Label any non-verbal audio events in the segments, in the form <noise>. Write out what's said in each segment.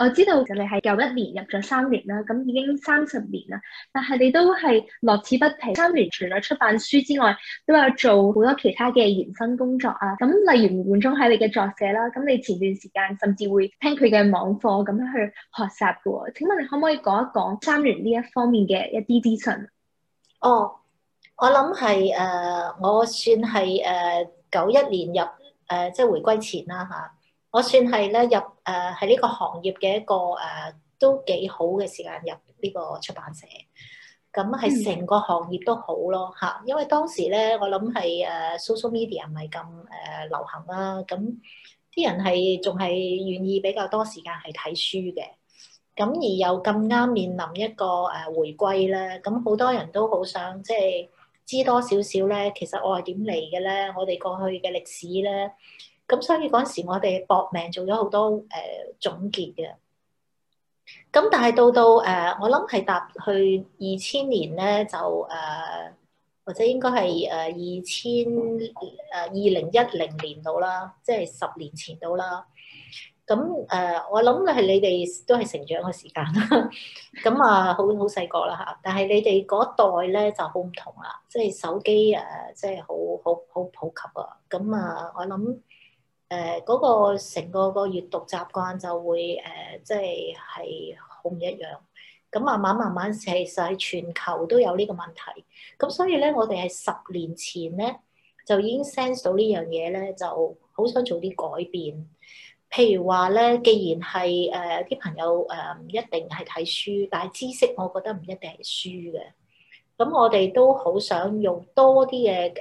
我知道其實你係九一年入咗三聯啦，咁已經三十年啦，但係你都係樂此不疲。三聯除咗出版書之外，都有做好多其他嘅延伸工作啊。咁例如吳冠中喺你嘅作者啦，咁你前段時間甚至會聽佢嘅網課咁樣去學習嘅。請問你可唔可以講一講三聯呢一方面嘅一啲資訊？哦，我諗係誒，我算係誒、呃、九一年入誒、呃，即係回歸前啦嚇。我算係咧入誒係呢個行業嘅一個誒、呃、都幾好嘅時間入呢個出版社，咁係成個行業都好咯嚇，因為當時咧我諗係誒 social media 唔係咁誒流行啦、啊，咁啲人係仲係願意比較多時間係睇書嘅，咁而又咁啱面臨一個誒、呃、回歸咧，咁好多人都好想即係知多少少咧，其實我係點嚟嘅咧，我哋過去嘅歷史咧。咁所以嗰陣時我、呃呃，我哋搏命做咗好多誒總結嘅。咁但係到到誒，我諗係搭去二千年咧，就誒、呃、或者應該係誒二千誒二零一零年到啦，即係十年前到啦。咁誒、呃，我諗係你哋都係成長嘅時間啦。咁 <laughs> 啊，好好細個啦嚇。但係你哋嗰代咧就好唔同啦，即係手機誒，即係好好好普及啊。咁啊、呃，我諗。誒嗰個成個個閱讀習慣就會誒，即係係好唔一樣。咁慢慢慢慢四四，其實喺全球都有呢個問題。咁所以咧，我哋喺十年前咧就已經 sense 到呢樣嘢咧，就好想做啲改變。譬如話咧，既然係誒啲朋友誒唔一定係睇書，但係知識我覺得唔一定係書嘅。咁我哋都好想用多啲嘅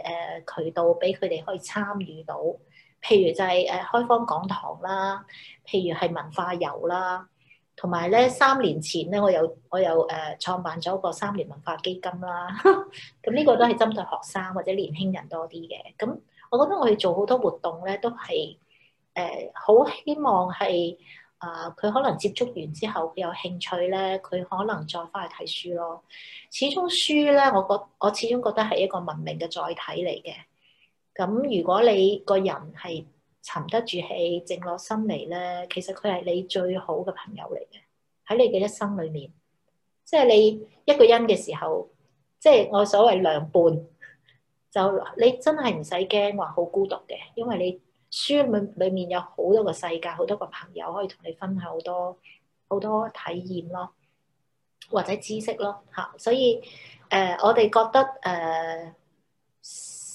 誒渠道，俾佢哋可以參與到。譬如就係誒開方講堂啦，譬如係文化遊啦，同埋咧三年前咧，我有我又誒創辦咗個三聯文化基金啦，咁 <laughs> 呢個都係針對學生或者年輕人多啲嘅。咁我覺得我哋做好多活動咧，都係誒好希望係啊，佢、呃、可能接觸完之後佢有興趣咧，佢可能再翻去睇書咯。始終書咧，我覺我始終覺得係一個文明嘅載體嚟嘅。咁如果你個人係沉得住氣、靜落心嚟咧，其實佢係你最好嘅朋友嚟嘅，喺你嘅一生裡面，即係你一個人嘅時候，即係我所謂良伴，就你真係唔使驚話好孤獨嘅，因為你書裏裏面有好多個世界、好多個朋友可以同你分享好多好多體驗咯，或者知識咯嚇，所以誒、呃，我哋覺得誒。呃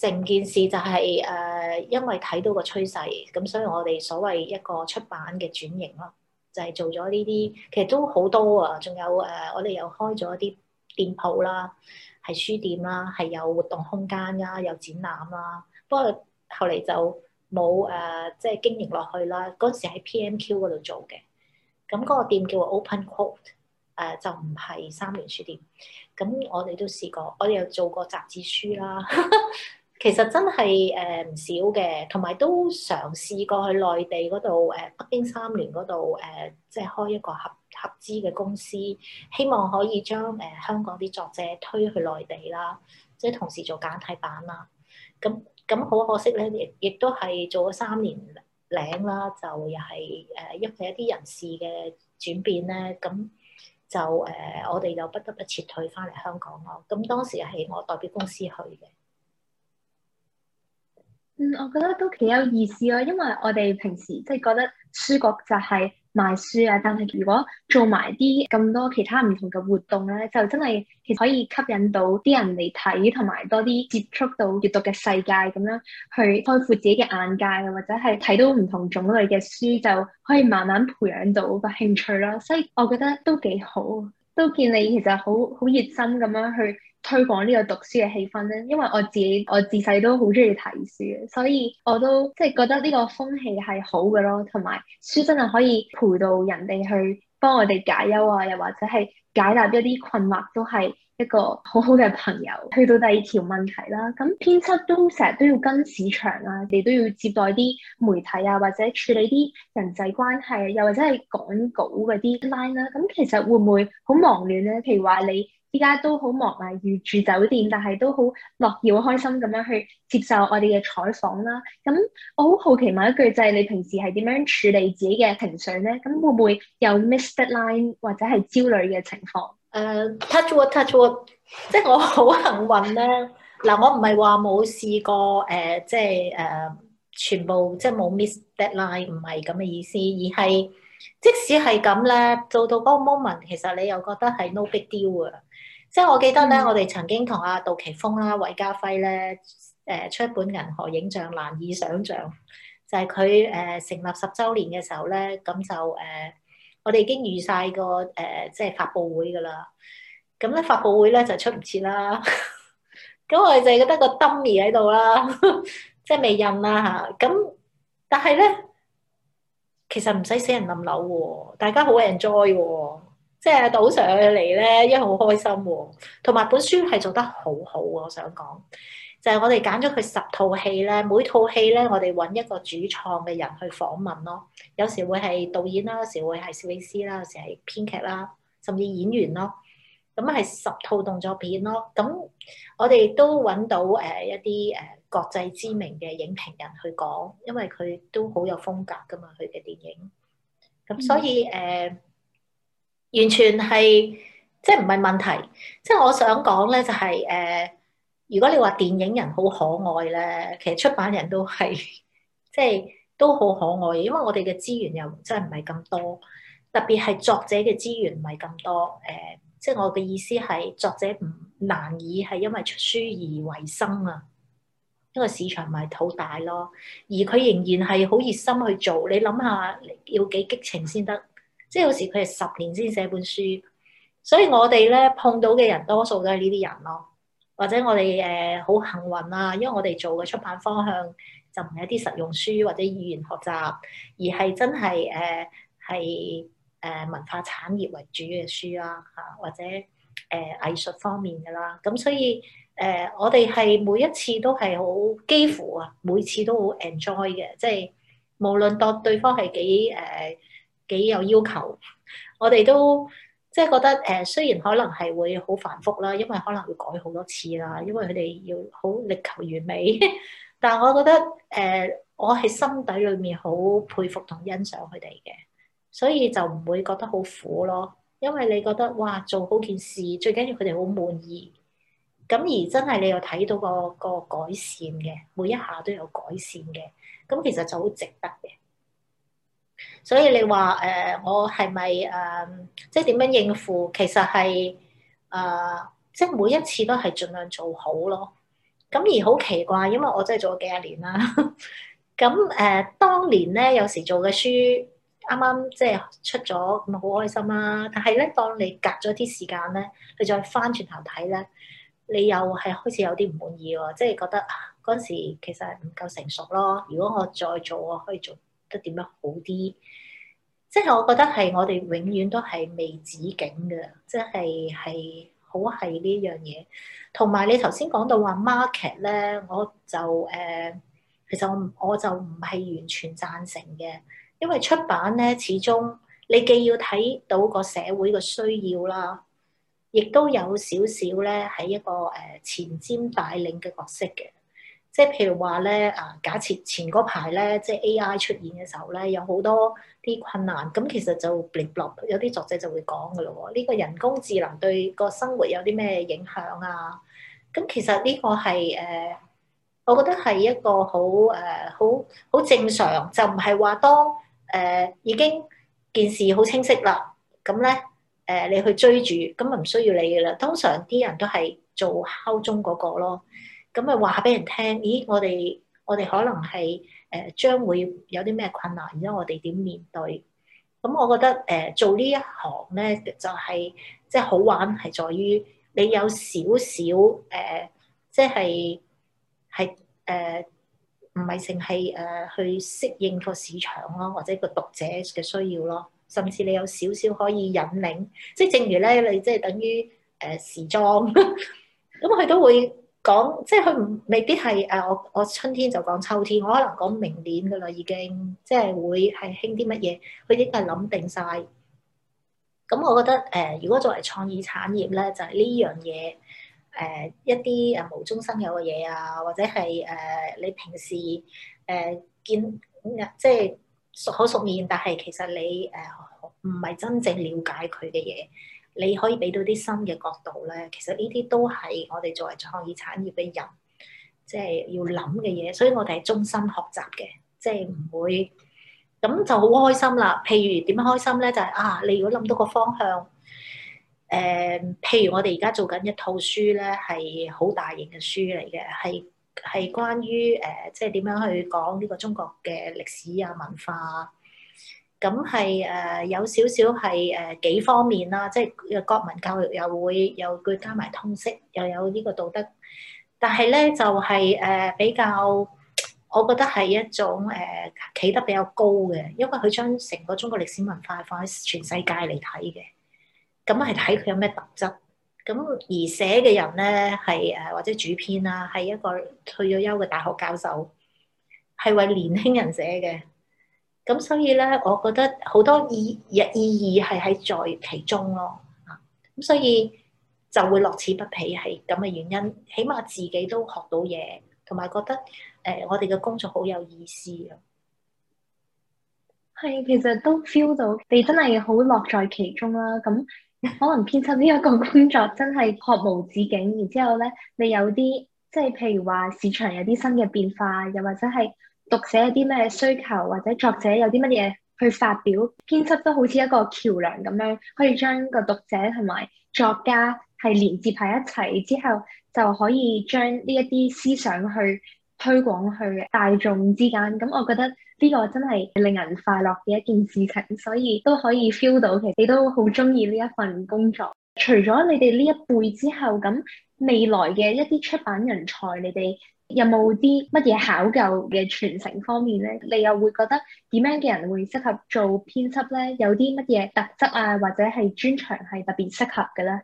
成件事就係、是、誒、呃，因為睇到個趨勢，咁所以我哋所謂一個出版嘅轉型咯，就係、是、做咗呢啲，其實都好多啊！仲有誒、呃，我哋又開咗一啲店鋪啦，係書店啦，係有活動空間啦，有展覽啦。不過後嚟就冇誒，即、呃、係、就是、經營落去啦。嗰時喺 PMQ 嗰度做嘅，咁嗰個店叫做 Open Quote，、呃、就唔係三聯書店。咁我哋都試過，我哋又做過雜誌書啦。 <laughs> 其實真係誒唔少嘅，同埋都嘗試過去內地嗰度誒，北京三聯嗰度誒，即係開一個合合資嘅公司，希望可以將誒、呃、香港啲作者推去內地啦，即係同時做簡體版啦。咁咁好可惜咧，亦亦都係做咗三年領啦，就又係誒一係一啲人事嘅轉變咧，咁就誒、呃、我哋又不得不撤退翻嚟香港咯。咁當時係我代表公司去嘅。嗯，我覺得都幾有意思咯、哦，因為我哋平時即係覺得書局就係賣書啊，但係如果做埋啲咁多其他唔同嘅活動咧，就真係其實可以吸引到啲人嚟睇，同埋多啲接觸到閱讀嘅世界，咁樣去開闊自己嘅眼界，或者係睇到唔同種類嘅書，就可以慢慢培養到個興趣咯，所以我覺得都幾好。都見你其實好好熱心咁樣去推廣呢個讀書嘅氣氛咧，因為我自己我自細都好鍾意睇書嘅，所以我都即係覺得呢個風氣係好嘅咯，同埋書真係可以陪到人哋去幫我哋解憂啊，又或者係解答一啲困惑都係。一個好好嘅朋友，去到第二條問題啦。咁編輯都成日都要跟市場啊，你都要接待啲媒體啊，或者處理啲人際關係啊，又或者係趕稿嗰啲 line 啦。咁其實會唔會好忙亂咧？譬如話你依家都好忙啊，預住酒店，但係都好樂意、好開心咁樣去接受我哋嘅採訪啦。咁我好好奇問一句，就係你平時係點樣處理自己嘅情緒咧？咁會唔會有 miss deadline 或者係焦慮嘅情況？誒、uh, touch wood, touch wood、呃，即係我好幸運咧。嗱、呃，我唔係話冇試過，誒，即係誒全部即係冇 miss deadline，唔係咁嘅意思。而係即使係咁咧，做到嗰個 moment，其實你又覺得係 no big deal 啊。即係我記得咧，嗯、我哋曾經同阿杜琪峰啦、韋家輝咧誒出一本《銀河映像》，難以想像就係佢誒成立十周年嘅時候咧，咁就誒。呃我哋已經預晒個誒、呃，即係發布會噶啦。咁咧發布會咧就出唔切啦。咁、 <laughs> 嗯、我哋就得個 dummy 喺度啦，即係未印啦吓。咁、嗯、但係咧，其實唔使死人冧樓喎，大家好 enjoy 喎，即係倒上去嚟咧，因為好開心喎。同埋本書係做得好好，我想講。就係我哋揀咗佢十套戲咧，每套戲咧，我哋揾一個主創嘅人去訪問咯。有時會係導演啦，有時會係攝影師啦，有時係編劇啦，甚至演員咯。咁係十套動作片咯。咁我哋都揾到誒、呃、一啲誒、呃、國際知名嘅影評人去講，因為佢都好有風格㗎嘛，佢嘅電影。咁所以誒、嗯呃，完全係即係唔係問題。即係我想講咧、就係，就係誒。如果你話電影人好可愛咧，其實出版人都係即係都好可愛，因為我哋嘅資源又真係唔係咁多，特別係作者嘅資源唔係咁多。誒、呃，即係我嘅意思係作者唔難以係因為出書而為生啊，因為市場唔係好大咯。而佢仍然係好熱心去做，你諗下要幾激情先得？即係有時佢係十年先寫本書，所以我哋咧碰到嘅人多數都係呢啲人咯。或者我哋誒好幸運啊，因為我哋做嘅出版方向就唔係一啲實用書或者語言學習，而係真係誒係誒文化產業為主嘅書啦嚇、啊，或者誒、呃、藝術方面嘅啦。咁所以誒、呃、我哋係每一次都係好幾乎啊，每次都好 enjoy 嘅，即、就、係、是、無論當對方係幾誒幾有要求，我哋都。即係覺得誒、呃，雖然可能係會好繁複啦，因為可能會改好多次啦，因為佢哋要好力求完美。但係我覺得誒、呃，我喺心底裏面好佩服同欣賞佢哋嘅，所以就唔會覺得好苦咯。因為你覺得哇，做好件事最緊要佢哋好滿意，咁而真係你又睇到個個改善嘅，每一下都有改善嘅，咁其實就好值得嘅。所以你話誒、呃，我係咪誒，即係點樣應付？其實係誒、呃，即係每一次都係盡量做好咯。咁而好奇怪，因為我真係做咗幾廿年啦。咁 <laughs> 誒、呃，當年咧有時做嘅書啱啱即係出咗，咁好開心啦。但係咧，當你隔咗啲時間咧，你再翻轉頭睇咧，你又係開始有啲唔滿意喎。即係覺得嗰陣、啊、時其實係唔夠成熟咯。如果我再做，我可以做。點樣好啲？即係我覺得係我哋永遠都係未止境嘅，即係係好係呢樣嘢。同埋你頭先講到話 market 咧，我就誒、呃，其實我我就唔係完全贊成嘅，因為出版咧始終你既要睇到個社會嘅需要啦，亦都有少少咧喺一個誒前瞻帶領嘅角色嘅。即係譬如話咧，啊，假設前嗰排咧，即係 AI 出現嘅時候咧，有好多啲困難，咁其實就 blog 有啲作者就會講噶咯。呢、這個人工智能對個生活有啲咩影響啊？咁其實呢個係誒、呃，我覺得係一個好誒，好、呃、好正常，就唔係話當誒、呃、已經件事好清晰啦，咁咧誒你去追住，咁咪唔需要你嘅啦。通常啲人都係做敲鐘嗰個咯。咁咪話俾人聽，咦？我哋我哋可能係誒，將、呃、會有啲咩困難，然之後我哋點面對？咁、嗯、我覺得誒、呃，做呢一行咧，就係、是、即係好玩，係在於你有少少誒、呃，即係係誒，唔係淨係誒去適應個市場咯，或者個讀者嘅需要咯，甚至你有少少可以引領。即係正如咧，你即係等於誒、呃、時裝，咁 <laughs> 佢都會。講，即係佢唔未必係誒，我我春天就講秋天，我可能講明年㗎喇已經，即係會係興啲乜嘢，佢已經係諗定晒。咁我覺得誒、呃，如果作為創意產業咧，就係呢樣嘢誒，一啲誒無中生有嘅嘢啊，或者係誒、呃、你平時誒、呃、見，即係熟口熟面，但係其實你誒唔係真正了解佢嘅嘢。你可以俾到啲新嘅角度咧，其實呢啲都係我哋作為創意產業嘅人，即係要諗嘅嘢，所以我哋係終身學習嘅，即係唔會咁就好開心啦。譬如點樣開心咧，就係啊，你如果諗到個方向，誒，譬如我哋而家做緊一套書咧，係好大型嘅書嚟嘅，係係關於誒，即係點樣去講呢個中國嘅歷史啊文化啊咁係誒有少少係誒幾方面啦，即係國民教育又會又佢加埋通識，又有呢個道德。但係咧就係、是、誒、呃、比較，我覺得係一種誒企、呃、得比較高嘅，因為佢將成個中國歷史文化放喺全世界嚟睇嘅。咁係睇佢有咩特質。咁而寫嘅人咧係誒或者主編啦，係一個退咗休嘅大學教授，係為年輕人寫嘅。咁所以咧，我覺得好多意意意義係喺在其中咯，啊、嗯、咁所以就會樂此不疲係咁嘅原因，起碼自己都學到嘢，同埋覺得誒、呃、我哋嘅工作好有意思啊！係，其實都 feel 到你真係好樂在其中啦、啊。咁可能編輯呢一個工作真係學無止境，然之後咧你有啲即係譬如話市場有啲新嘅變化，又或者係。讀者有啲咩需求，或者作者有啲乜嘢去發表，編輯都好似一個橋樑咁樣，可以將個讀者同埋作家係連接喺一齊，之後就可以將呢一啲思想去推廣去大眾之間。咁我覺得呢個真係令人快樂嘅一件事情，所以都可以 feel 到其實你都好中意呢一份工作。除咗你哋呢一輩之後，咁。未來嘅一啲出版人才，你哋有冇啲乜嘢考究嘅傳承方面咧？你又會覺得點樣嘅人會適合做編輯咧？有啲乜嘢特質啊，或者係專長係特別適合嘅咧？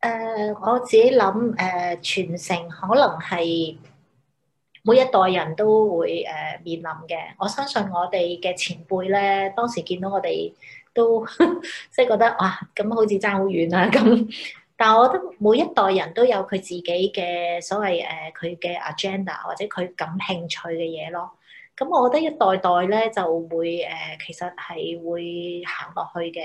誒、呃，我自己諗，誒、呃，傳承可能係每一代人都會誒、呃、面臨嘅。我相信我哋嘅前輩咧，當時見到我哋都即 <laughs> 係覺得哇，咁好似爭好遠啊咁。 <laughs> 但係我覺得每一代人都有佢自己嘅所謂誒佢嘅 agenda 或者佢感興趣嘅嘢咯。咁、嗯、我覺得一代代咧就會誒、呃、其實係會行落去嘅。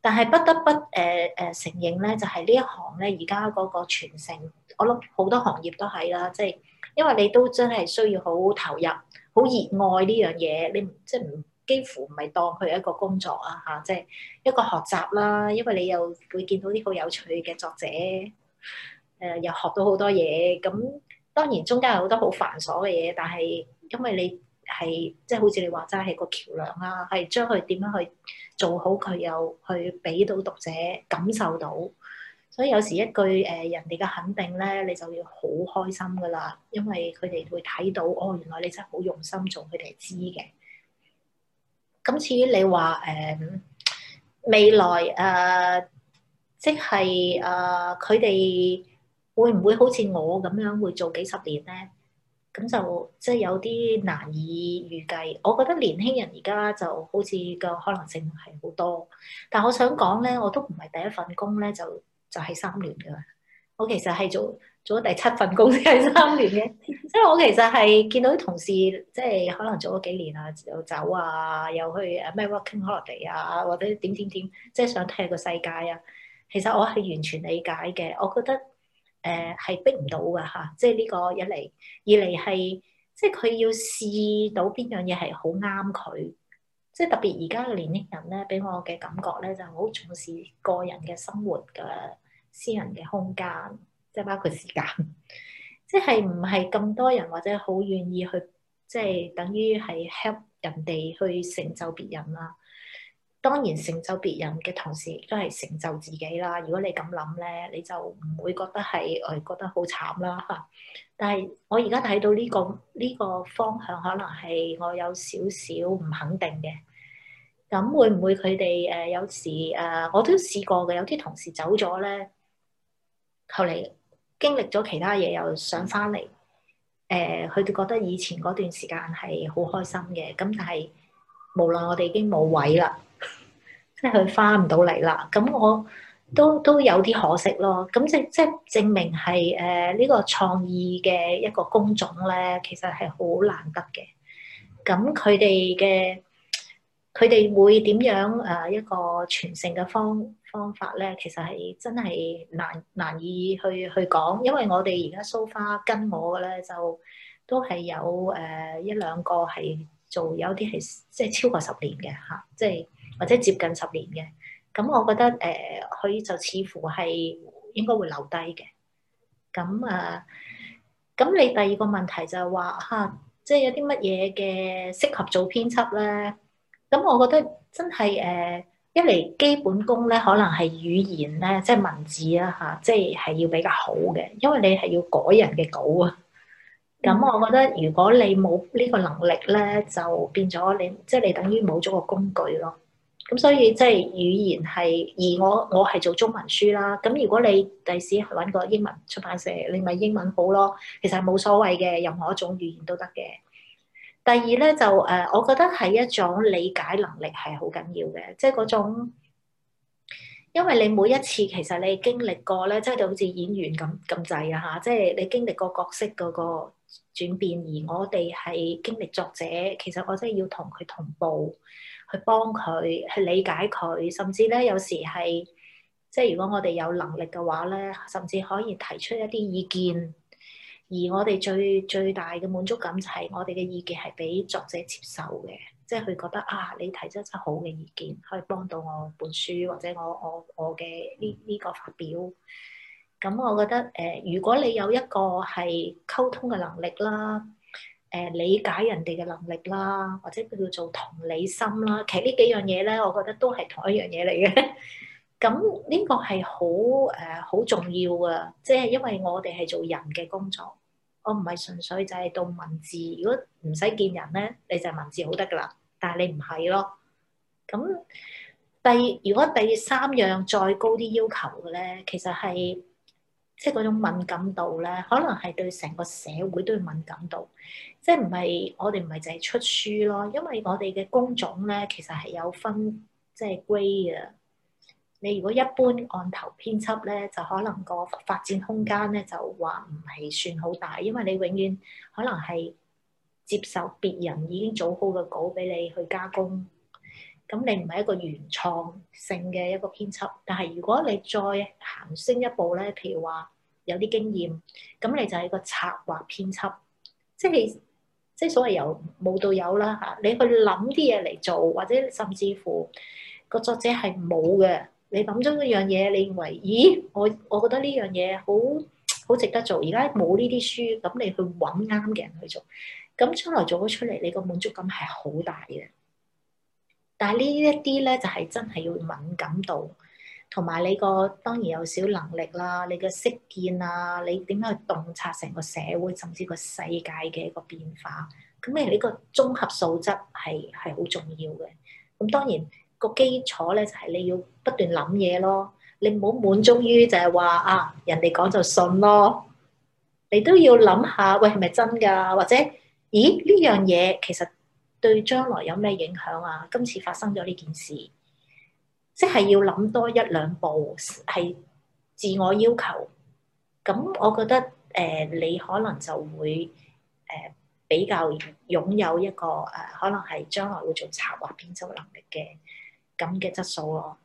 但係不得不誒誒、呃呃、承認咧，就係、是、呢一行咧而家嗰個傳承，我諗好多行業都係啦，即、就、係、是、因為你都真係需要好投入、好熱愛呢樣嘢，你即係唔。就是幾乎唔係當佢一個工作啊，吓即係一個學習啦。因為你又會見到啲好有趣嘅作者，誒、呃、又學到好多嘢。咁、嗯、當然中間有好多好繁瑣嘅嘢，但係因為你係即係好似你話齋係個橋樑啊，係將佢點樣去做好佢又去俾到讀者感受到。所以有時一句誒、呃、人哋嘅肯定咧，你就要好開心噶啦，因為佢哋會睇到哦，原來你真係好用心做，佢哋係知嘅。咁至於你話誒、呃、未來誒、呃，即係誒佢哋會唔會好似我咁樣會做幾十年咧？咁就即係有啲難以預計。我覺得年輕人而家就好似個可能性係好多，但我想講咧，我都唔係第一份工咧，就就係、是、三聯嘅。我其實係做。做咗第七份工，先係三年嘅。 <laughs> 即係我其實係見到啲同事，即係可能做咗幾年啊，又走啊，又去誒咩 working holiday 啊，或者點點點，即係想睇下個世界啊。其實我係完全理解嘅，我覺得誒係、呃、逼唔到噶吓，即係呢個一嚟二嚟，係即係佢要試到邊樣嘢係好啱佢，即係特別而家嘅年輕人咧，俾我嘅感覺咧就係、是、好重視個人嘅生活嘅私人嘅空間。即係包括時間，即係唔係咁多人或者好願意去，即係等於係 help 人哋去成就別人啦。當然成就別人嘅同時，亦都係成就自己啦。如果你咁諗咧，你就唔會覺得係我係覺得好慘啦嚇。但係我而家睇到呢個呢個方向，可能係我有少少唔肯定嘅。咁會唔會佢哋誒有時誒我都試過嘅，有啲同事走咗咧，後嚟，經歷咗其他嘢又想翻嚟，誒、呃，佢哋覺得以前嗰段時間係好開心嘅，咁但係無奈我哋已經冇位啦，即係佢翻唔到嚟啦，咁我都都有啲可惜咯，咁即即證明係誒呢個創意嘅一個工種咧，其實係好難得嘅，咁佢哋嘅。佢哋會點樣誒、呃、一個傳承嘅方方法咧？其實係真係難難以去去講，因為我哋而家 so far 跟我嘅咧就都係有誒一兩個係做，有啲係即係超過十年嘅嚇，即、啊、係或者接近十年嘅。咁我覺得誒佢、呃、就似乎係應該會留低嘅。咁啊，咁你第二個問題就係話嚇，即係有啲乜嘢嘅適合做編輯咧？咁我覺得真係誒，一嚟基本功咧，可能係語言咧，即係文字啊嚇，即係係要比較好嘅，因為你係要改人嘅稿啊。咁、嗯、我覺得如果你冇呢個能力咧，就變咗你即係你等於冇咗個工具咯。咁所以即係語言係，而我我係做中文書啦。咁如果你第時去搵個英文出版社，你咪英文好咯。其實冇所謂嘅，任何一種語言都得嘅。第二咧就誒，我覺得係一種理解能力係好緊要嘅，即係嗰種，因為你每一次其實你經歷過咧，即係就好似演員咁咁滯啊嚇，即係你經歷過角色嗰個轉變，而我哋係經歷作者，其實我真係要同佢同步，去幫佢去理解佢，甚至咧有時係即係如果我哋有能力嘅話咧，甚至可以提出一啲意見。而我哋最最大嘅滿足感就係我哋嘅意見係俾作者接受嘅，即係佢覺得啊，你提出一好嘅意見，可以幫到我本書或者我我我嘅呢呢個發表。咁、嗯嗯、我覺得誒、呃，如果你有一個係溝通嘅能力啦，誒、呃、理解人哋嘅能力啦，或者叫做同理心啦，其實呢幾樣嘢咧，我覺得都係同一樣嘢嚟嘅。咁 <laughs> 呢、這個係好誒好重要嘅，即係因為我哋係做人嘅工作。我唔係純粹就係讀文字，如果唔使見人咧，你就文字好得噶啦。但係你唔係咯。咁第如果第三樣再高啲要求嘅咧，其實係即係嗰種敏感度咧，可能係對成個社會都要敏感度，即係唔係我哋唔係淨係出書咯，因為我哋嘅工種咧，其實係有分即係歸嘅。你如果一般案頭編輯咧，就可能個發展空間咧就話唔係算好大，因為你永遠可能係接受別人已經組好嘅稿俾你去加工，咁你唔係一個原創性嘅一個編輯。但係如果你再行升一步咧，譬如話有啲經驗，咁你就係個策劃編輯，即係即係所謂由冇到有啦嚇。你去諗啲嘢嚟做，或者甚至乎個作者係冇嘅。你諗中嗰樣嘢，你認為，咦？我我覺得呢樣嘢好好值得做。而家冇呢啲書，咁你去搵啱嘅人去做，咁將來做咗出嚟，你個滿足感係好大嘅。但係呢一啲咧，就係真係要敏感度，同埋你個當然有少能力啦，你嘅識見啊，你點樣去洞察成個社會甚至個世界嘅一個變化，咁咧呢個綜合素質係係好重要嘅。咁當然。個基礎咧就係、是、你要不斷諗嘢咯，你唔好滿足於就係話啊人哋講就信咯，你都要諗下喂係咪真㗎？或者咦呢樣嘢其實對將來有咩影響啊？今次發生咗呢件事，即係要諗多一兩步，係自我要求。咁我覺得誒、呃、你可能就會誒、呃、比較擁有一個誒、呃、可能係將來會做策劃編輯能力嘅。咁嘅質素咯，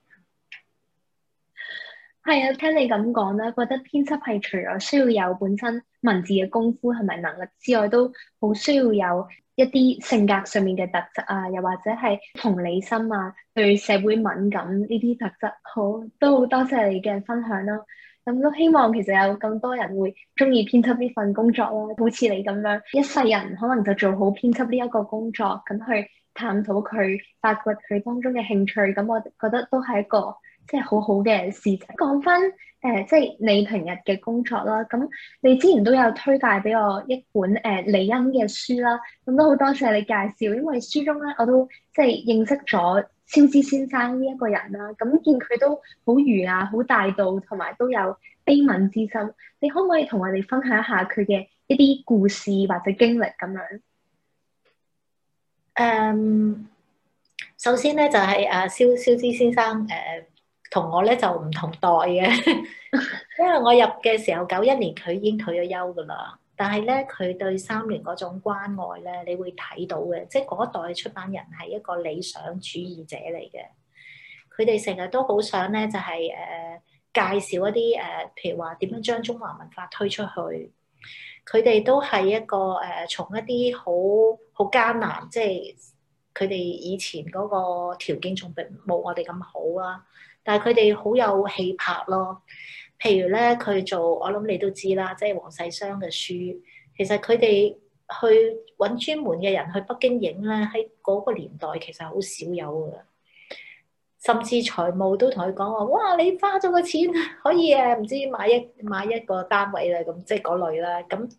係啊！聽你咁講咧，覺得編輯係除咗需要有本身文字嘅功夫、同埋能力之外，都好需要有一啲性格上面嘅特質啊，又或者係同理心啊、對社會敏感呢啲特質。好，都好多謝你嘅分享啦！咁都希望其實有更多人會中意編輯呢份工作啦。好似你咁樣，一世人可能就做好編輯呢一個工作，咁去，探討佢發掘佢當中嘅興趣，咁我覺得都係一個即係、就是、好好嘅事情。講翻誒，即、呃、係、就是、你平日嘅工作啦。咁你之前都有推介俾我一本誒李欣嘅書啦，咁都好多謝你介紹。因為書中咧，我都即係、就是、認識咗超之先生呢一個人啦。咁見佢都好儒雅、好大度，同埋都有悲憫之心。你可唔可以同我哋分享一下佢嘅一啲故事或者經歷咁樣？誒，um, 首先咧就係啊，蕭蕭滋先生誒，同、呃、我咧就唔同代嘅， <laughs> 因為我入嘅時候九一年，佢已經退咗休噶啦。但係咧，佢對三聯嗰種關愛咧，你會睇到嘅，即係嗰一代出版人係一個理想主義者嚟嘅，佢哋成日都好想咧，就係、是、誒、呃、介紹一啲誒、呃，譬如話點樣將中華文化推出去。佢哋都係一個誒、呃，從一啲好好艱難，即係佢哋以前嗰個條件仲並冇我哋咁好啊。但係佢哋好有氣魄咯。譬如咧，佢做，我諗你都知啦，即係王世襄嘅書，其實佢哋去揾專門嘅人去北京影咧，喺嗰個年代其實好少有嘅。甚至財務都同佢講話，哇！你花咗個錢，可以誒？唔知買一買一個單位啦，咁即係嗰類啦。咁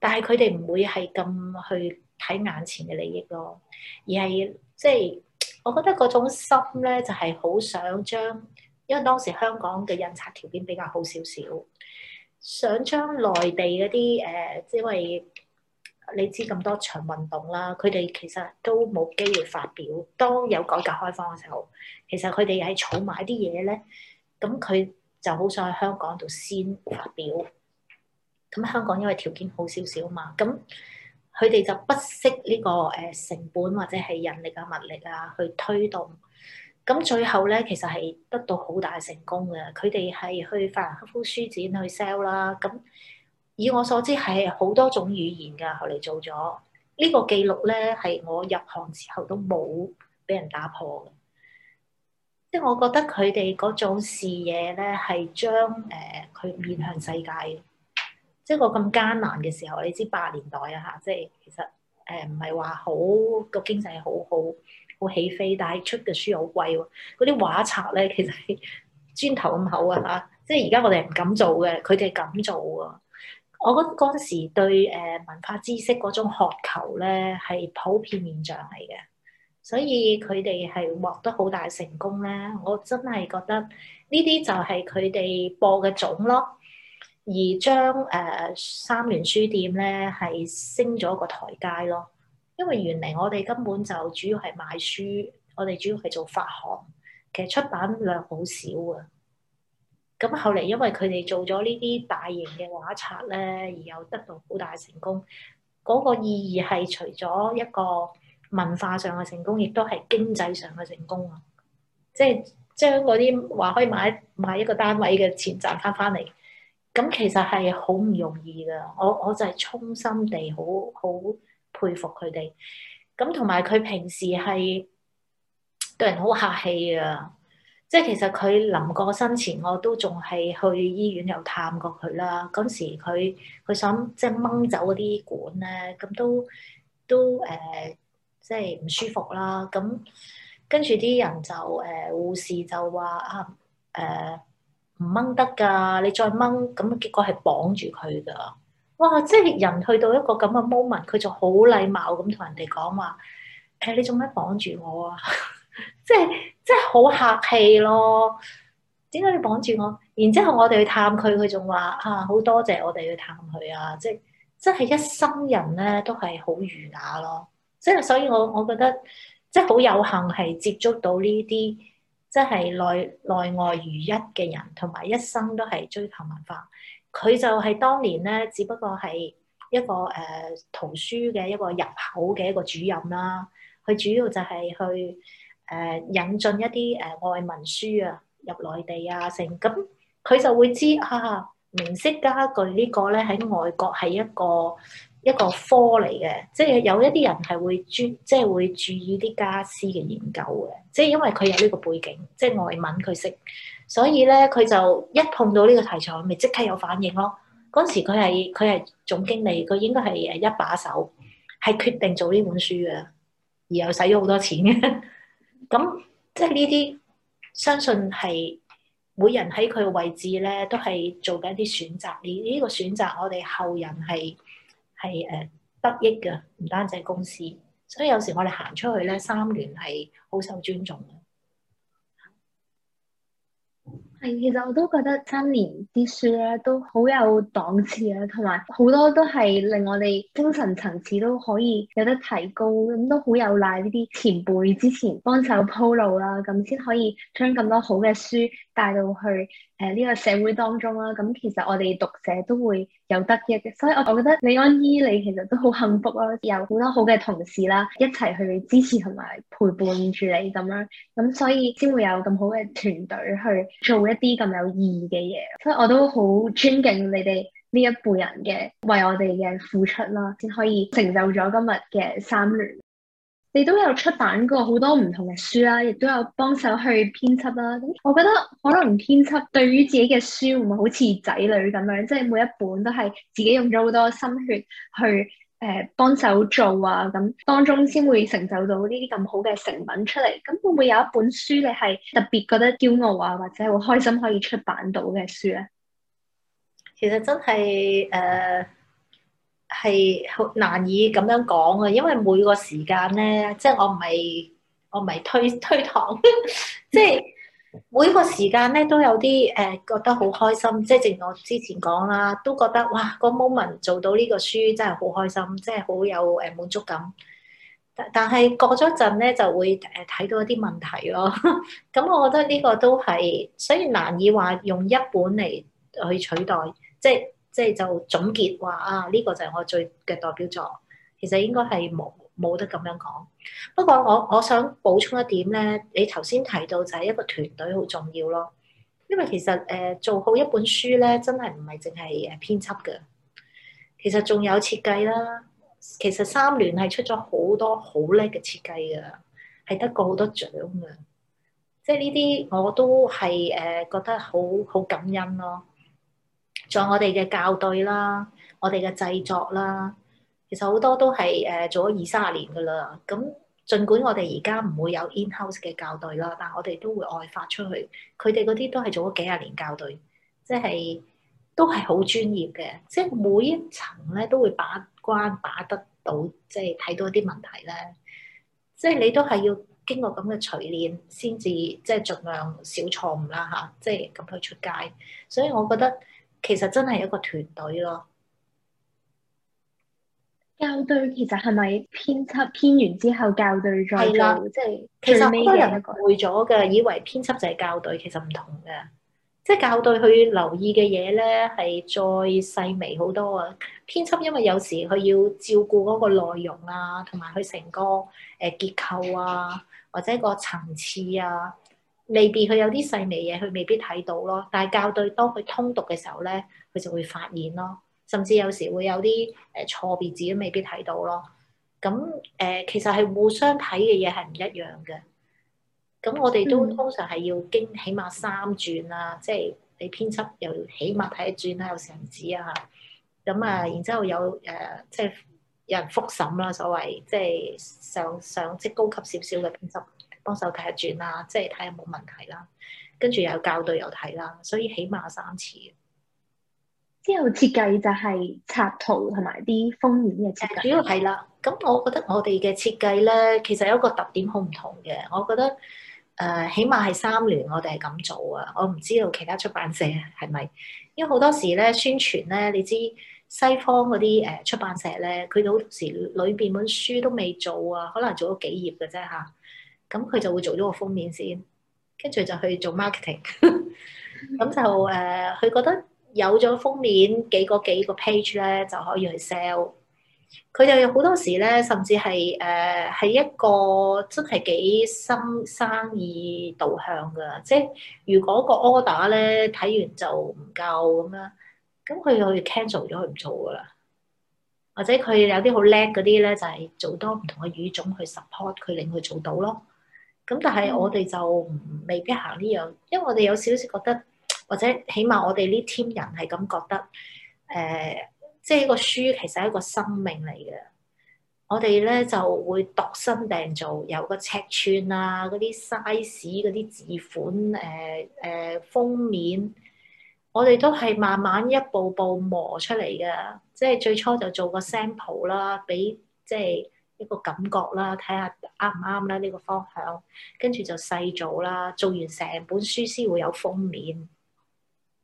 但係佢哋唔會係咁去睇眼前嘅利益咯，而係即係我覺得嗰種心咧，就係好想將，因為當時香港嘅印刷條件比較好少少，想將內地嗰啲誒，因為。你知咁多場運動啦，佢哋其實都冇機會發表。當有改革開放嘅時候，其實佢哋係儲埋啲嘢咧，咁佢就好想喺香港度先發表。咁香港因為條件好少少嘛，咁佢哋就不惜呢個誒成本或者係人力啊物力啊去推動。咁最後咧，其實係得到好大成功嘅。佢哋係去法蘭克福書展去 sell 啦，咁。以我所知係好多種語言㗎。後嚟做咗呢個記錄咧，係我入行之後都冇俾人打破嘅。即係我覺得佢哋嗰種視野咧，係將誒佢面向世界嘅。即係我咁艱難嘅時候，你知八年代啊吓，即係其實誒唔係話好個經濟好好好起飛，但係出嘅書好貴喎。嗰啲畫冊咧，其實係磚頭咁厚啊嚇。即係而家我哋唔敢做嘅，佢哋敢做啊！我覺得嗰陣時對文化知識嗰種渴求咧，係普遍現象嚟嘅，所以佢哋係獲得好大成功咧。我真係覺得呢啲就係佢哋播嘅種咯，而將誒三聯書店咧係升咗個台階咯。因為原嚟我哋根本就主要係賣書，我哋主要係做發行，其實出版量好少啊。咁後嚟因為佢哋做咗呢啲大型嘅畫冊咧，而又得到好大成功，嗰個意義係除咗一個文化上嘅成功，亦都係經濟上嘅成功啊！即係將嗰啲話可以買買一個單位嘅錢賺翻翻嚟，咁其實係好唔容易噶。我我就係衷心地好好佩服佢哋。咁同埋佢平時係對人好客氣啊！即係其實佢臨過身前，我都仲係去醫院又探過佢啦。嗰時佢佢想即係掹走嗰啲管咧，咁都都誒，即係唔、呃、舒服啦。咁跟住啲人就誒，護、呃、士就話啊誒，唔、呃、掹得㗎，你再掹咁，結果係綁住佢㗎。哇！即係人去到一個咁嘅 moment，佢就好禮貌咁同人哋講話誒，你做咩綁住我啊？ <laughs> 即係。即係好客氣咯，點解你綁住我？然之後我哋去探佢，佢仲話啊好多謝我哋去探佢啊！即係即係一生人咧，都係好儒雅咯。即係所以我我覺得，即係好有幸係接觸到呢啲，即係內內外如一嘅人，同埋一生都係追求文化。佢就係當年咧，只不過係一個誒、呃、圖書嘅一個入口嘅一個主任啦。佢主要就係去。誒引進一啲誒外文書啊入內地啊，成咁，佢就會知啊，明式家具呢個咧喺外國係一個一個科嚟嘅，即係有一啲人係會專即係會注意啲家私嘅研究嘅，即係因為佢有呢個背景，即係外文佢識，所以咧佢就一碰到呢個題材，咪即刻有反應咯。嗰時佢係佢係總經理，佢應該係誒一把手，係決定做呢本書嘅，而又使咗好多錢嘅。 <laughs> 咁即係呢啲，相信係每人喺佢嘅位置咧，都係做緊一啲選擇。而、這、呢個選擇，我哋後人係係誒得益嘅，唔單止係公司，所以有時我哋行出去咧，三聯係好受尊重嘅。其實我都覺得三聯啲書咧、啊、都好有檔次啦，同埋好多都係令我哋精神層次都可以有得提高，咁都好有賴呢啲前輩之前幫手鋪路啦、啊，咁先可以將咁多好嘅書帶到去誒呢、呃呢個社會當中啦、啊，咁其實我哋讀者都會有得益嘅，所以我我覺得李安姨你其實都好幸福咯、啊，有好多好嘅同事啦一齊去支持同埋陪伴住你咁樣，咁所以先會有咁好嘅團隊去做一啲咁有意義嘅嘢，所以我都好尊敬你哋呢一輩人嘅為我哋嘅付出啦，先可以成就咗今日嘅三聯。你都有出版過好多唔同嘅書啦、啊，亦都有幫手去編輯啦、啊。咁我覺得可能編輯對於自己嘅書唔係好似仔女咁樣，即係每一本都係自己用咗好多心血去誒、呃、幫手做啊，咁當中先會成就到呢啲咁好嘅成品出嚟。咁會唔會有一本書你係特別覺得驕傲啊，或者會開心可以出版到嘅書咧、啊？其實真係誒。Uh 係好難以咁樣講嘅，因為每個時間咧，即係我唔係我唔係推推搪。 <laughs> 即係每個時間咧都有啲誒、呃、覺得好開心，即係正如我之前講啦，都覺得哇個 moment 做到呢個書真係好開心，即係好有誒、呃、滿足感。但但係過咗一陣咧就會誒睇、呃、到一啲問題咯。咁 <laughs> 我覺得呢個都係，所以難以話用一本嚟去取代，即係。即係就總結話啊，呢、呢個就係我最嘅代表作。其實應該係冇冇得咁樣講。不過我我想補充一點咧，你頭先提到就係一個團隊好重要咯。因為其實誒、呃、做好一本書咧，真係唔係淨係誒編輯嘅，其實仲有設計啦。其實三聯係出咗好多好叻嘅設計嘅，係得過好多獎嘅。即係呢啲我都係誒、呃、覺得好好感恩咯。仲有我哋嘅校對啦，我哋嘅製作啦，其實好多都係誒、呃、做咗二三十年噶啦。咁，儘管我哋而家唔會有 in-house 嘅校對啦，但係我哋都會外發出去。佢哋嗰啲都係做咗幾十年校對，即係都係好專業嘅，即係每一層咧都會把關把得到，即係睇到一啲問題咧。即係你都係要經過咁嘅錘煉先至，即係儘量少錯誤啦吓、啊，即係咁去出街。所以我覺得。其實真係一個團隊咯，校對其實係咪編輯編完之後校對再做？即係其實好多人誤會咗嘅，以，以為編輯就係校對，其實唔同嘅。即係校對去留意嘅嘢咧，係再細微好多啊！編輯因為有時佢要照顧嗰個內容啊，同埋佢成個誒、呃、結構啊，或者個層次啊。未必佢有啲細微嘢，佢未必睇到咯。但係校對當佢通讀嘅時候咧，佢就會發現咯。甚至有時會有啲誒、呃、錯別字都未必睇到咯。咁、嗯、誒其實係互相睇嘅嘢係唔一樣嘅。咁我哋都通常係要經起碼三轉啊，嗯、即係你編輯又要起碼睇一轉啦，有成紙啊嚇。咁、嗯、啊，嗯、然之後有誒、呃、即係有人覆審啦、啊，所謂即係上上即高級少少嘅編輯。幫手睇下轉啦，即係睇下冇問題啦，跟住有校對又睇啦，所以起碼三次。之後設計就係插圖同埋啲封面嘅設計。主要係啦，咁我覺得我哋嘅設計咧，其實有一個特點好唔同嘅。我覺得誒、呃，起碼係三聯，我哋係咁做啊。我唔知道其他出版社係咪，因為好多時咧，宣傳咧，你知西方嗰啲誒出版社咧，佢到時裏邊本書都未做啊，可能做咗幾頁嘅啫嚇。咁佢就會做咗個封面先，跟住就去做 marketing。咁 <laughs> 就誒，佢、呃、覺得有咗封面幾個幾個 page 咧，就可以去 sell。佢又好多時咧，甚至係誒係一個真係幾深生意導向噶。即係如果個 order 咧睇完就唔夠咁樣，咁佢就去 cancel 咗，佢唔做噶啦。或者佢有啲好叻嗰啲咧，就係、是、做多唔同嘅語種去 support 佢令佢做到咯。咁但係我哋就未必行呢樣，因為我哋有少少覺得，或者起碼我哋呢 team 人係咁覺得，誒、呃，即係呢個書其實係一個生命嚟嘅。我哋咧就會度身訂造，有個尺寸啊，嗰啲 size、嗰啲字款，誒、呃、誒、呃、封面，我哋都係慢慢一步步磨出嚟嘅。即係最初就做個 sample 啦，俾即係。一個感覺啦，睇下啱唔啱啦，呢個方向，跟住就細組啦，做完成本書先會有封面，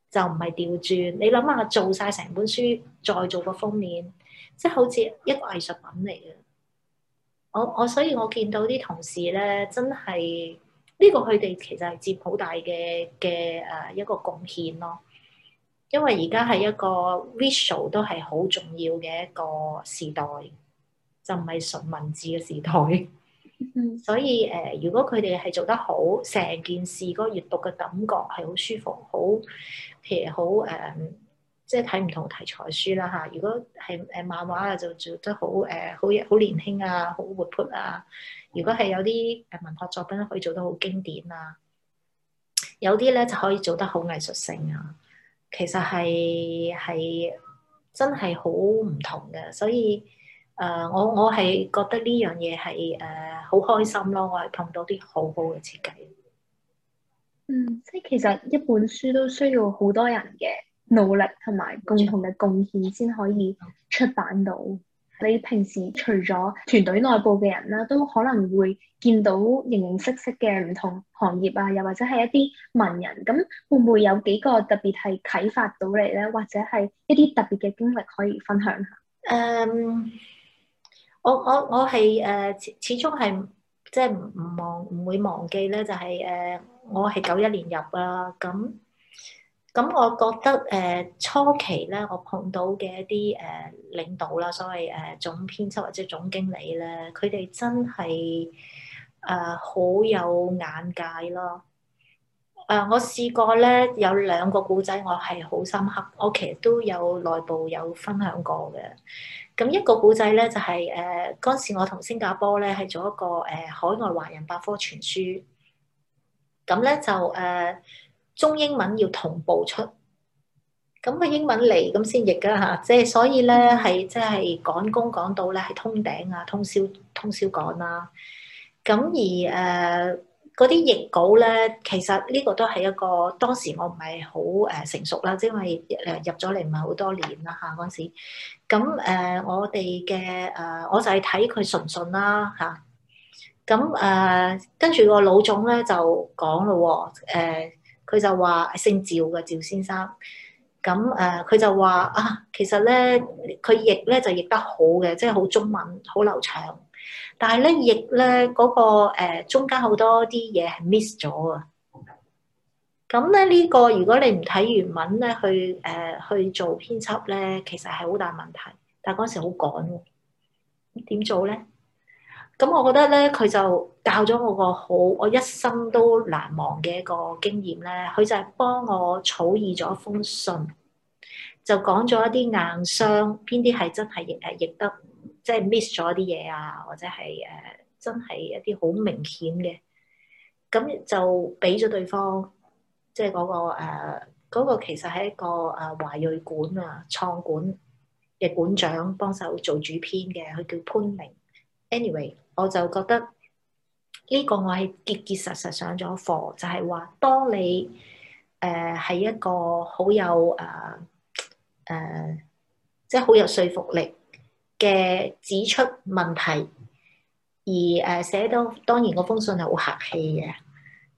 就唔係調轉。你諗下，做晒成本書再做個封面，即係好似一個藝術品嚟嘅。我我所以我見到啲同事咧，真係呢個佢哋其實係佔好大嘅嘅誒一個貢獻咯。因為而家係一個 visual 都係好重要嘅一個時代。就唔係純文字嘅時代，嗯、所以誒、呃，如果佢哋係做得好，成件事嗰個閱讀嘅感覺係好舒服，好譬如好誒，即係睇唔同題材書啦嚇、啊。如果係誒漫畫啊，就做得好誒，好、呃、好年輕啊，好活潑啊。如果係有啲誒文學作品，可以做得好經典啊。有啲咧就可以做得好藝術性啊。其實係係真係好唔同嘅，所以。誒，uh，我我係覺得呢樣嘢係誒好開心咯，我係碰到啲好好嘅設計。嗯，即係其實一本書都需要好多人嘅努力同埋共同嘅貢獻先可以出版到。你平時除咗團隊內部嘅人啦，啊，都可能會見到形形色色嘅唔同行業啊，又或者係一啲文人，咁會唔會有幾個特別係啟發到你咧？或者係一啲特別嘅經歷可以分享下？誒。Um, 我我我係誒始始終係即係唔忘唔會忘記咧，就係、是、誒、呃、我係九一年入喇，咁、嗯、咁、嗯嗯、我覺得誒、呃、初期咧，我碰到嘅一啲誒、呃、領導啦，所謂誒、呃、總編輯或者總經理咧，佢哋真係誒好有眼界咯。誒、呃，我試過咧有兩個故仔，我係好深刻，我其實都有內部有分享過嘅。咁一個古仔咧就係誒嗰時我同新加坡咧係做一個誒、呃、海外華人百科全書，咁咧就誒、呃、中英文要同步出，咁個英文嚟咁先譯噶嚇，即係、啊、所以咧係即係趕工趕到咧係通頂啊，通宵通宵趕啦、啊，咁而誒。呃嗰啲譯稿咧、啊呃呃啊呃呃呃啊，其實呢個都係一個當時我唔係好誒成熟啦，即係因為誒入咗嚟唔係好多年啦嚇嗰陣時。咁誒我哋嘅誒，我就係睇佢純唔純啦嚇。咁誒跟住個老總咧就講咯喎，誒佢就話姓趙嘅趙先生。咁誒佢就話啊，其實咧佢譯咧就譯得好嘅，即係好中文，好流暢。但係咧，譯咧嗰個誒、呃、中間好多啲嘢係 miss 咗啊。咁咧呢、這個如果你唔睇原文咧去誒、呃、去做編輯咧，其實係好大問題。但係嗰時好趕，咁點做咧？咁、嗯、我覺得咧，佢就教咗我個好，我一生都難忘嘅一個經驗咧。佢就係幫我草擬咗一封信，就講咗一啲硬傷，邊啲係真係誒譯得。即係 miss 咗啲嘢啊，或者係誒、呃，真係一啲好明顯嘅，咁就俾咗對方，即係嗰、那個誒，嗰、呃那個其實係一個誒華裔館啊，創館嘅館長幫手做主編嘅，佢叫潘明。Anyway，我就覺得呢個我係結結實實上咗課，就係、是、話當你誒係一個好有誒誒、呃呃，即係好有說服力。嘅指出問題，而誒、呃、寫到當然個封信係好客氣嘅。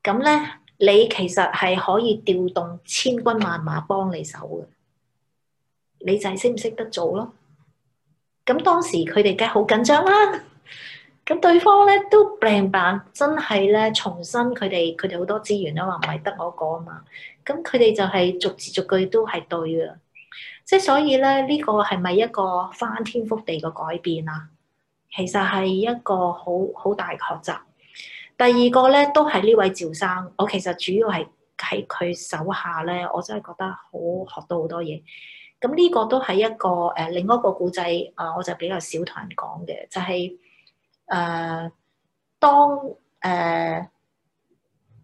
咁咧，你其實係可以調動千軍萬馬幫你手嘅，你就係識唔識得做咯。咁當時佢哋梗係好緊張啦。咁對方咧都並辦，真係咧重申佢哋佢哋好多資源啦，話唔係得我個啊嘛。咁佢哋就係逐字逐句都係對嘅。即所以咧，呢、這個係咪一個翻天覆地嘅改變啊？其實係一個好好大嘅學習。第二個咧，都係呢位趙生，我其實主要係喺佢手下咧，我真係覺得好學到好多嘢。咁、嗯、呢、這個都係一個誒、呃，另一個故仔啊、呃，我就比較少同人講嘅，就係、是、誒、呃，當誒、呃、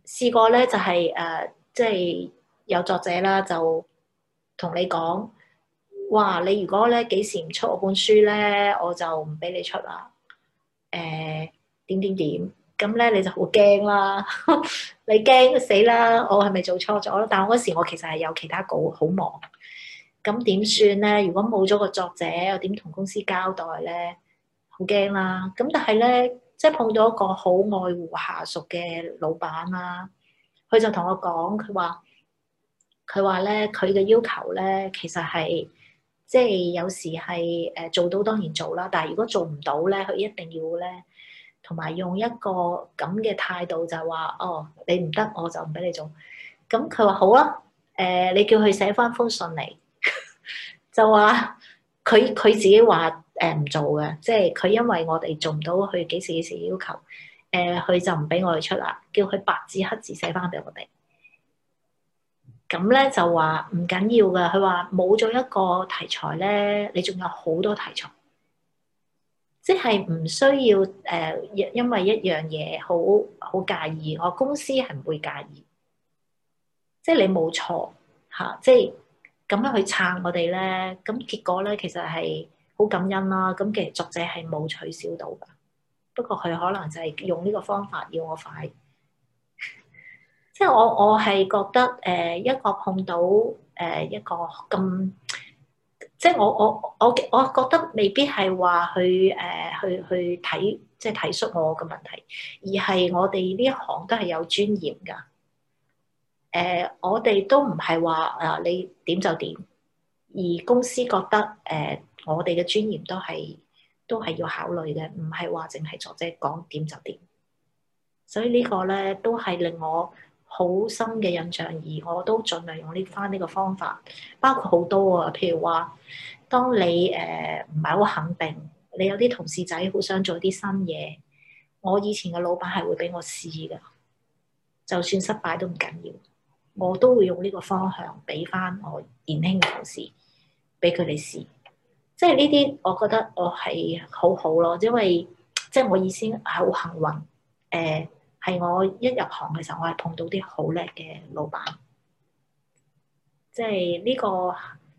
試過咧，就係、是、誒，即、呃、係、就是呃就是、有作者啦，就。同你講，哇！你如果咧幾時唔出我本書咧，我就唔俾你出啦。誒點點點，咁咧你就好驚啦。 <laughs> 你驚死啦！我係咪做錯咗咯？但係我嗰時我其實係有其他稿，好忙。咁點算咧？如果冇咗個作者，又點同公司交代咧？好驚啦！咁但係咧，即係碰到一個好愛護下屬嘅老闆啦。佢就同我講，佢話。佢話咧，佢嘅要求咧，其實係即係有時係誒、呃、做到當然做啦，但係如果做唔到咧，佢一定要咧，同埋用一個咁嘅態度就係話哦，你唔得我就唔俾你做。咁佢話好啊，誒、呃、你叫佢寫翻封信嚟， <laughs> 就話佢佢自己話誒唔做嘅，即係佢因為我哋做唔到佢幾時幾時要求，誒、呃、佢就唔俾我哋出啦，叫佢白紙黑字寫翻俾我哋。咁咧就話唔緊要噶，佢話冇咗一個題材咧，你仲有好多題材，即係唔需要誒，因為一樣嘢好好介意，我公司係唔會介意，即係你冇錯嚇，即係咁樣去撐我哋咧，咁結果咧其實係好感恩啦。咁其實作者係冇取消到噶，不過佢可能就係用呢個方法要我快。即係我我係覺得誒、呃、一個碰到誒、呃、一個咁，即係我我我我覺得未必係話去誒、呃、去去睇，即係體恤我嘅問題，而係我哋呢一行都係有尊嚴噶。誒、呃，我哋都唔係話誒你點就點，而公司覺得誒、呃、我哋嘅尊嚴都係都係要考慮嘅，唔係話淨係作者即係講點就點。所以個呢個咧都係令我好深嘅印象，而我都盡量用呢翻呢個方法，包括好多啊。譬如話，當你誒唔係好肯定，你有啲同事仔好想做啲新嘢，我以前嘅老闆係會俾我試㗎，就算失敗都唔緊要，我都會用呢個方向俾翻我年輕嘅同事，俾佢哋試。即係呢啲，我覺得我係好好咯，因為即係我以前係好幸運誒。呃係我一入行嘅時候，我係碰到啲好叻嘅老闆，即係呢個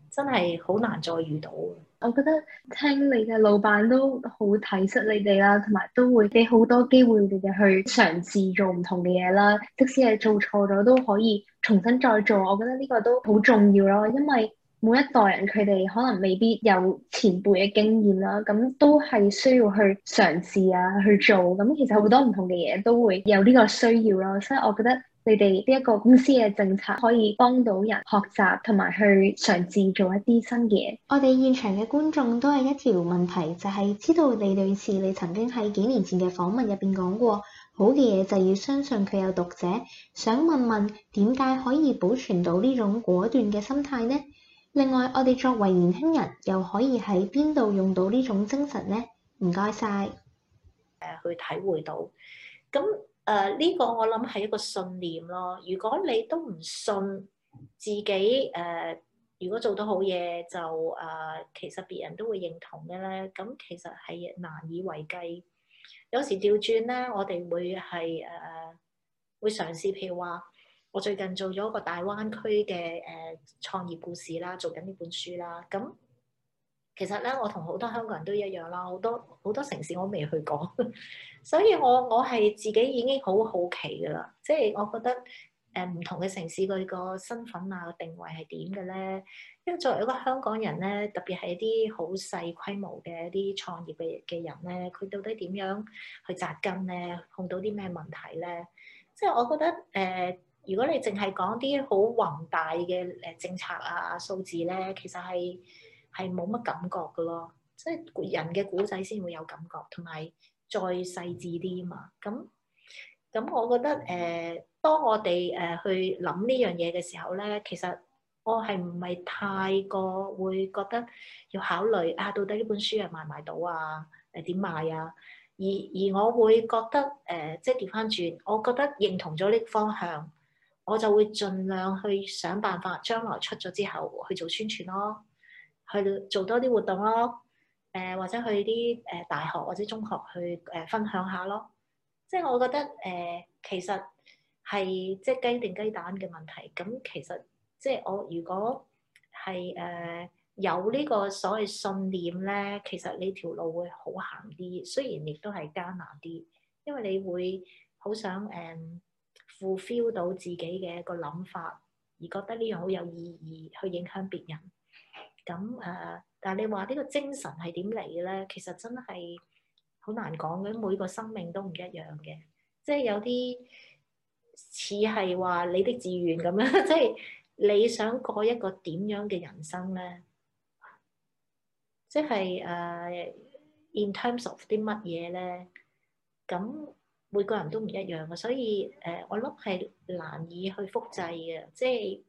真係好難再遇到。我覺得聽你嘅老闆都好體恤你哋啦，同埋都會俾好多機會你哋去嘗試做唔同嘅嘢啦。即使係做錯咗，都可以重新再做。我覺得呢個都好重要咯，因為。每一代人佢哋可能未必有前輩嘅經驗啦，咁都係需要去嘗試啊，去做咁，其實好多唔同嘅嘢，都會有呢個需要咯。所以我覺得你哋呢一個公司嘅政策可以幫到人學習同埋去嘗試做一啲新嘅嘢。我哋現場嘅觀眾都係一條問題，就係知道你類似你曾經喺幾年前嘅訪問入邊講過好嘅嘢，就要相信佢有讀者。想問問點解可以保存到呢種果斷嘅心態呢？另外，我哋作為年輕人，又可以喺邊度用到呢種精神咧？唔該晒，誒去體會到。咁誒呢個我諗係一個信念咯。如果你都唔信自己誒、呃，如果做到好嘢就誒、呃，其實別人都會認同嘅咧。咁其實係難以為繼。有時調轉咧，我哋會係誒、呃、會嘗試，譬如話。我最近做咗個大灣區嘅誒創業故事啦，做緊呢本書啦。咁其實咧，我同好多香港人都一樣啦，好多好多城市我未去過， <laughs> 所以我我係自己已經好好奇噶啦。即係我覺得誒唔、呃、同嘅城市佢個身份啊定位係點嘅咧？因為作為一個香港人咧，特別係一啲好細規模嘅一啲創業嘅嘅人咧，佢到底點樣去扎根咧？碰到啲咩問題咧？即係我覺得誒。呃如果你淨係講啲好宏大嘅誒政策啊數字咧，其實係係冇乜感覺㗎咯，即係人嘅故仔先會有感覺，同埋再細緻啲啊嘛。咁咁，我覺得誒、呃，當我哋誒、呃、去諗呢樣嘢嘅時候咧，其實我係唔係太過會覺得要考慮啊？到底呢本書係賣唔賣到啊？誒、呃、點賣啊？而而我會覺得誒、呃，即係調返轉，我覺得認同咗呢個方向。我就會盡量去想辦法，將來出咗之後去做宣傳咯，去做多啲活動咯，誒、呃、或者去啲誒、呃、大學或者中學去誒、呃、分享下咯。即係我覺得誒、呃、其實係即係雞定雞蛋嘅問題。咁其實即係我如果係誒、呃、有呢個所謂信念咧，其實你條路會好行啲，雖然亦都係艱難啲，因為你會好想誒、呃 feel 到自己嘅一個諗法，而覺得呢樣好有意義，去影響別人。咁誒，但係你話呢個精神係點嚟咧？其實真係好難講嘅，每個生命都唔一樣嘅，即係有啲似係話你的志願咁樣，即係你想過一個點樣嘅人生咧？即係誒，in terms of 啲乜嘢咧？咁。每個人都唔一樣嘅，所以誒、呃，我諗係難以去複製嘅，即係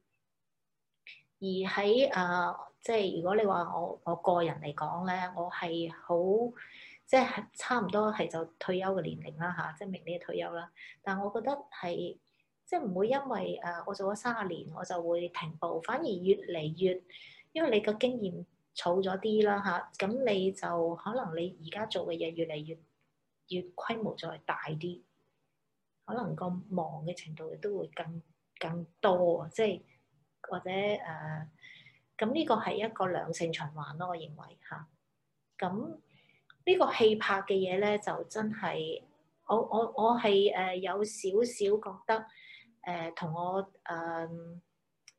而喺、呃、啊，即係如果你話我我個人嚟講咧，我係好即係差唔多係就退休嘅年齡啦吓，即係明年退休啦。但係我覺得係即係唔會因為誒、呃、我做咗三十年，我就會停步，反而越嚟越因為你個經驗儲咗啲啦吓，咁、啊、你就可能你而家做嘅嘢越嚟越～越規模再大啲，可能個忙嘅程度亦都會更更多，即係或者誒，咁、呃、呢個係一個良性循環咯，我認為嚇。咁、啊這個、呢個氣魄嘅嘢咧，就真係我我我係誒、呃、有少少覺得誒同、呃、我誒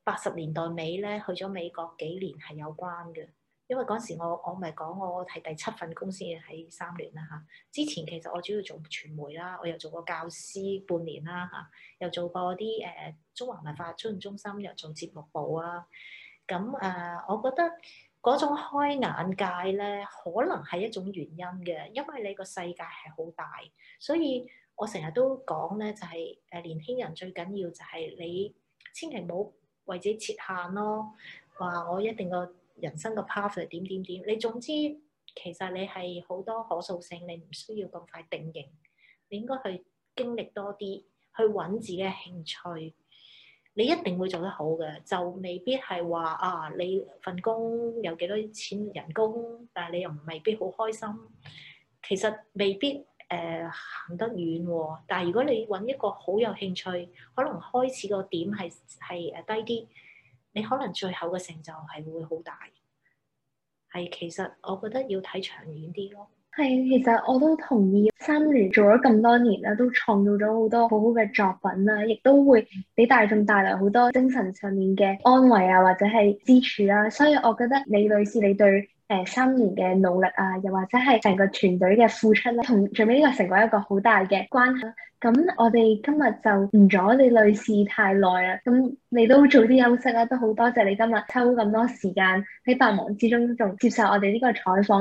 八十年代尾咧去咗美國幾年係有關嘅。因為嗰時我我咪講我係第七份公司先喺三聯啦嚇，之前其實我主要做傳媒啦，我又做過教師半年啦嚇、啊，又做過啲誒、呃、中華文化專門中心又做節目部啊，咁、呃、誒我覺得嗰種開眼界咧，可能係一種原因嘅，因為你個世界係好大，所以我成日都講咧就係、是、誒年輕人最緊要就係你千祈唔好為自己設限咯，話我一定要。人生嘅 perfect 點點點，你總之其實你係好多可塑性，你唔需要咁快定型，你應該去經歷多啲，去揾自己嘅興趣，你一定會做得好嘅。就未必係話啊，你份工有幾多錢人工，但係你又唔未必好開心。其實未必誒行、呃、得遠喎。但係如果你揾一個好有興趣，可能開始個點係係誒低啲。你可能最後嘅成就係會好大，係，其實我覺得要睇長遠啲咯。係，其實我都同意。三聯做咗咁多年啦，都創造咗好多好好嘅作品啦，亦都會俾大眾帶來好多精神上面嘅安慰啊，或者係支柱啦。所以我覺得李女士，你對誒、呃，三年嘅努力啊，又或者係成個團隊嘅付出啦、啊，同最尾呢個成果一個好大嘅關係、啊。咁我哋今日就唔阻你女士太耐啦。咁你都早啲休息啦、啊，都好多謝你今日抽咁多時間喺百忙之中仲接受我哋呢個採訪。